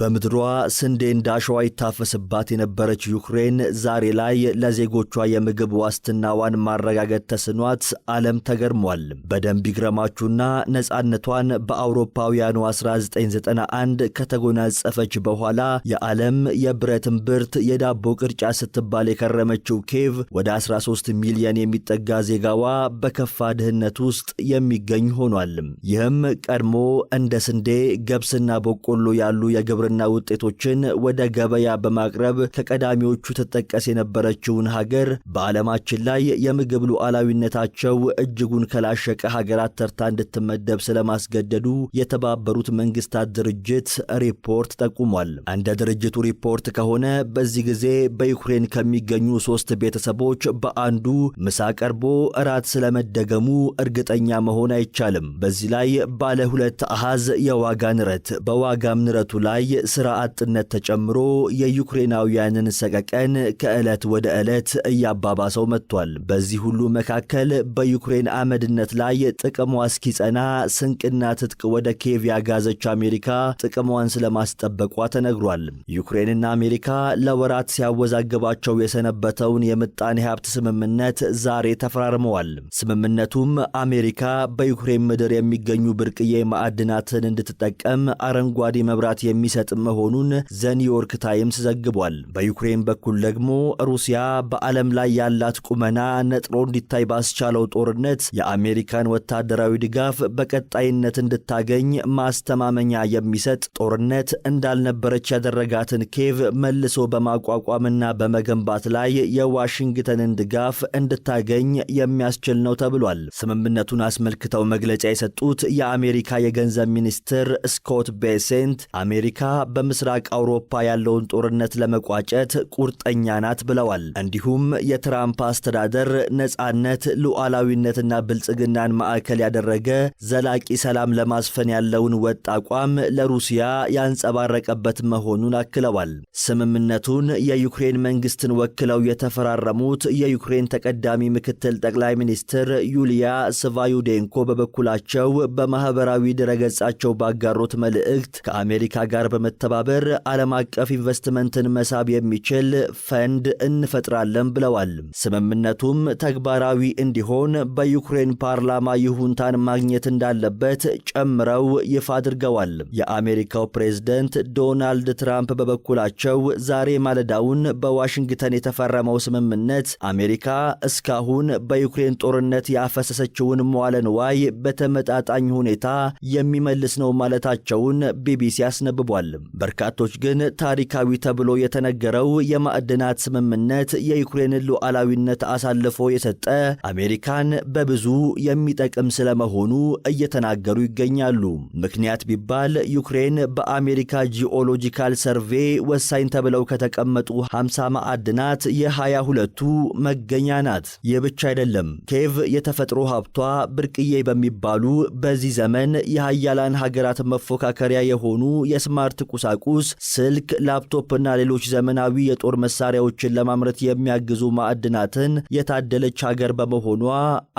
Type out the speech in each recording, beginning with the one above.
በምድሯ ስንዴ እንዳሸዋ ይታፈስባት የነበረች ዩክሬን ዛሬ ላይ ለዜጎቿ የምግብ ዋስትናዋን ማረጋገጥ ተስኗት ዓለም ተገርሟል። በደንብ ይግረማችሁና ነፃነቷን በአውሮፓውያኑ 1991 ከተጎናጸፈች በኋላ የዓለም የብረት እምብርት የዳቦ ቅርጫ ስትባል የከረመችው ኬቭ ወደ 13 ሚሊዮን የሚጠጋ ዜጋዋ በከፋ ድህነት ውስጥ የሚገኝ ሆኗል። ይህም ቀድሞ እንደ ስንዴ ገብስና በቆሎ ያሉ የግብር የግብርና ውጤቶችን ወደ ገበያ በማቅረብ ከቀዳሚዎቹ ትጠቀስ የነበረችውን ሀገር በዓለማችን ላይ የምግብ ሉዓላዊነታቸው እጅጉን ከላሸቀ ሀገራት ተርታ እንድትመደብ ስለማስገደዱ የተባበሩት መንግስታት ድርጅት ሪፖርት ጠቁሟል። እንደ ድርጅቱ ሪፖርት ከሆነ በዚህ ጊዜ በዩክሬን ከሚገኙ ሶስት ቤተሰቦች በአንዱ ምሳ ቀርቦ እራት ስለመደገሙ እርግጠኛ መሆን አይቻልም። በዚህ ላይ ባለ ሁለት አሃዝ የዋጋ ንረት በዋጋም ንረቱ ላይ ሥራ አጥነት ተጨምሮ የዩክሬናውያንን ሰቀቀን ከዕለት ወደ ዕለት እያባባሰው መጥቷል። በዚህ ሁሉ መካከል በዩክሬን አመድነት ላይ ጥቅሟ እስኪጸና ስንቅና ትጥቅ ወደ ኬቭ ያጋዘች አሜሪካ ጥቅሟን ስለማስጠበቋ ተነግሯል። ዩክሬንና አሜሪካ ለወራት ሲያወዛግባቸው የሰነበተውን የምጣኔ ሀብት ስምምነት ዛሬ ተፈራርመዋል። ስምምነቱም አሜሪካ በዩክሬን ምድር የሚገኙ ብርቅዬ ማዕድናትን እንድትጠቀም አረንጓዴ መብራት የሚሰ የሚሰጥ መሆኑን ዘኒውዮርክ ታይምስ ዘግቧል። በዩክሬን በኩል ደግሞ ሩሲያ በዓለም ላይ ያላት ቁመና ነጥሮ እንዲታይ ባስቻለው ጦርነት የአሜሪካን ወታደራዊ ድጋፍ በቀጣይነት እንድታገኝ ማስተማመኛ የሚሰጥ ጦርነት እንዳልነበረች ያደረጋትን ኬቭ መልሶ በማቋቋምና በመገንባት ላይ የዋሽንግተንን ድጋፍ እንድታገኝ የሚያስችል ነው ተብሏል። ስምምነቱን አስመልክተው መግለጫ የሰጡት የአሜሪካ የገንዘብ ሚኒስትር ስኮት ቤሴንት አሜሪካ በምስራቅ አውሮፓ ያለውን ጦርነት ለመቋጨት ቁርጠኛ ናት ብለዋል። እንዲሁም የትራምፕ አስተዳደር ነጻነት፣ ሉዓላዊነትና ብልጽግናን ማዕከል ያደረገ ዘላቂ ሰላም ለማስፈን ያለውን ወጥ አቋም ለሩሲያ ያንጸባረቀበት መሆኑን አክለዋል። ስምምነቱን የዩክሬን መንግስትን ወክለው የተፈራረሙት የዩክሬን ተቀዳሚ ምክትል ጠቅላይ ሚኒስትር ዩልያ ስቫዩዴንኮ በበኩላቸው በማኅበራዊ ድረገጻቸው ባጋሩት መልእክት ከአሜሪካ ጋር በመተባበር ዓለም አቀፍ ኢንቨስትመንትን መሳብ የሚችል ፈንድ እንፈጥራለን ብለዋል። ስምምነቱም ተግባራዊ እንዲሆን በዩክሬን ፓርላማ ይሁንታን ማግኘት እንዳለበት ጨምረው ይፋ አድርገዋል። የአሜሪካው ፕሬዝደንት ዶናልድ ትራምፕ በበኩላቸው ዛሬ ማለዳውን በዋሽንግተን የተፈረመው ስምምነት አሜሪካ እስካሁን በዩክሬን ጦርነት ያፈሰሰችውን መዋለ ንዋይ በተመጣጣኝ ሁኔታ የሚመልስ ነው ማለታቸውን ቢቢሲ አስነብቧል። ተደርጓልም። በርካቶች ግን ታሪካዊ ተብሎ የተነገረው የማዕድናት ስምምነት የዩክሬንን ሉዓላዊነት አሳልፎ የሰጠ አሜሪካን በብዙ የሚጠቅም ስለመሆኑ እየተናገሩ ይገኛሉ። ምክንያት ቢባል ዩክሬን በአሜሪካ ጂኦሎጂካል ሰርቬ ወሳኝ ተብለው ከተቀመጡ 50 ማዕድናት የሃያ ሁለቱ መገኛ ናት። ይህ ብቻ አይደለም። ኬቭ የተፈጥሮ ሀብቷ ብርቅዬ በሚባሉ በዚህ ዘመን የሀያላን ሀገራት መፎካከሪያ የሆኑ የስማርት የትምህርት ቁሳቁስ፣ ስልክ፣ ላፕቶፕና ሌሎች ዘመናዊ የጦር መሳሪያዎችን ለማምረት የሚያግዙ ማዕድናትን የታደለች ሀገር በመሆኗ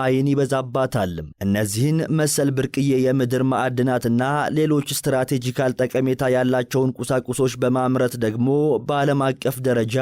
አይን ይበዛባታል። እነዚህን መሰል ብርቅዬ የምድር ማዕድናትና ሌሎች ስትራቴጂካል ጠቀሜታ ያላቸውን ቁሳቁሶች በማምረት ደግሞ በዓለም አቀፍ ደረጃ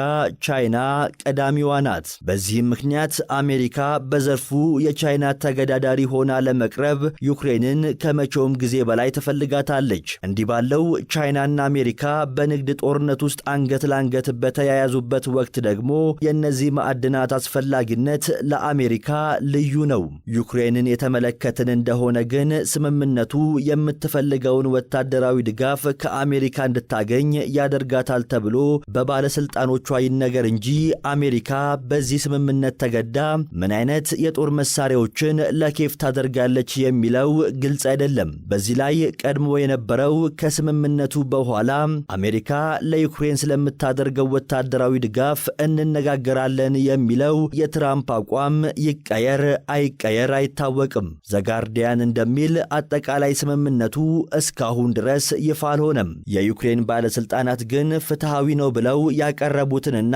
ቻይና ቀዳሚዋ ናት። በዚህም ምክንያት አሜሪካ በዘርፉ የቻይና ተገዳዳሪ ሆና ለመቅረብ ዩክሬንን ከመቼውም ጊዜ በላይ ትፈልጋታለች። እንዲህ ባለው ቻይናን ኢትዮጵያና አሜሪካ በንግድ ጦርነት ውስጥ አንገት ለአንገት በተያያዙበት ወቅት ደግሞ የእነዚህ ማዕድናት አስፈላጊነት ለአሜሪካ ልዩ ነው። ዩክሬንን የተመለከትን እንደሆነ ግን ስምምነቱ የምትፈልገውን ወታደራዊ ድጋፍ ከአሜሪካ እንድታገኝ ያደርጋታል ተብሎ በባለሥልጣኖቿ ይነገር እንጂ አሜሪካ በዚህ ስምምነት ተገዳ ምን አይነት የጦር መሳሪያዎችን ለኬፍ ታደርጋለች የሚለው ግልጽ አይደለም። በዚህ ላይ ቀድሞ የነበረው ከስምምነቱ በ በኋላ አሜሪካ ለዩክሬን ስለምታደርገው ወታደራዊ ድጋፍ እንነጋገራለን የሚለው የትራምፕ አቋም ይቀየር አይቀየር አይታወቅም። ዘጋርዲያን እንደሚል አጠቃላይ ስምምነቱ እስካሁን ድረስ ይፋ አልሆነም። የዩክሬን ባለስልጣናት ግን ፍትሐዊ ነው ብለው ያቀረቡትንና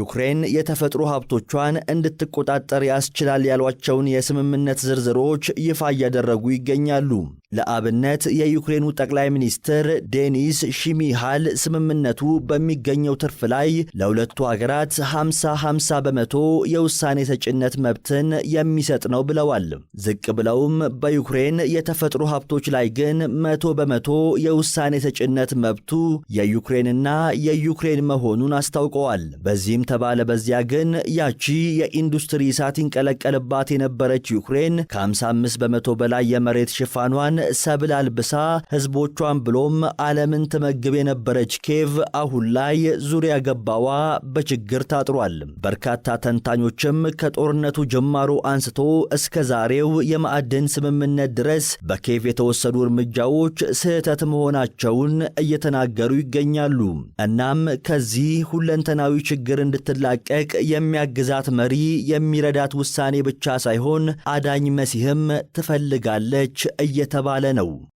ዩክሬን የተፈጥሮ ሀብቶቿን እንድትቆጣጠር ያስችላል ያሏቸውን የስምምነት ዝርዝሮች ይፋ እያደረጉ ይገኛሉ። ለአብነት የዩክሬኑ ጠቅላይ ሚኒስትር ዴኒስ ሽሚሃል ስምምነቱ በሚገኘው ትርፍ ላይ ለሁለቱ ሀገራት 50 50 በመቶ የውሳኔ ሰጭነት መብትን የሚሰጥ ነው ብለዋል። ዝቅ ብለውም በዩክሬን የተፈጥሮ ሀብቶች ላይ ግን መቶ በመቶ የውሳኔ ሰጭነት መብቱ የዩክሬንና የዩክሬን መሆኑን አስታውቀዋል። በዚህም ተባለ በዚያ ግን ያቺ የኢንዱስትሪ እሳት ይንቀለቀልባት የነበረች ዩክሬን ከ55 በመቶ በላይ የመሬት ሽፋኗን ራሷን ሰብል አልብሳ ሕዝቦቿን ብሎም ዓለምን ትመግብ የነበረች ኬቭ አሁን ላይ ዙሪያ ገባዋ በችግር ታጥሯል። በርካታ ተንታኞችም ከጦርነቱ ጅማሮ አንስቶ እስከ ዛሬው የማዕድን ስምምነት ድረስ በኬቭ የተወሰዱ እርምጃዎች ስህተት መሆናቸውን እየተናገሩ ይገኛሉ። እናም ከዚህ ሁለንተናዊ ችግር እንድትላቀቅ የሚያግዛት መሪ፣ የሚረዳት ውሳኔ ብቻ ሳይሆን አዳኝ መሲህም ትፈልጋለች እየተባ እየተባለ ነው።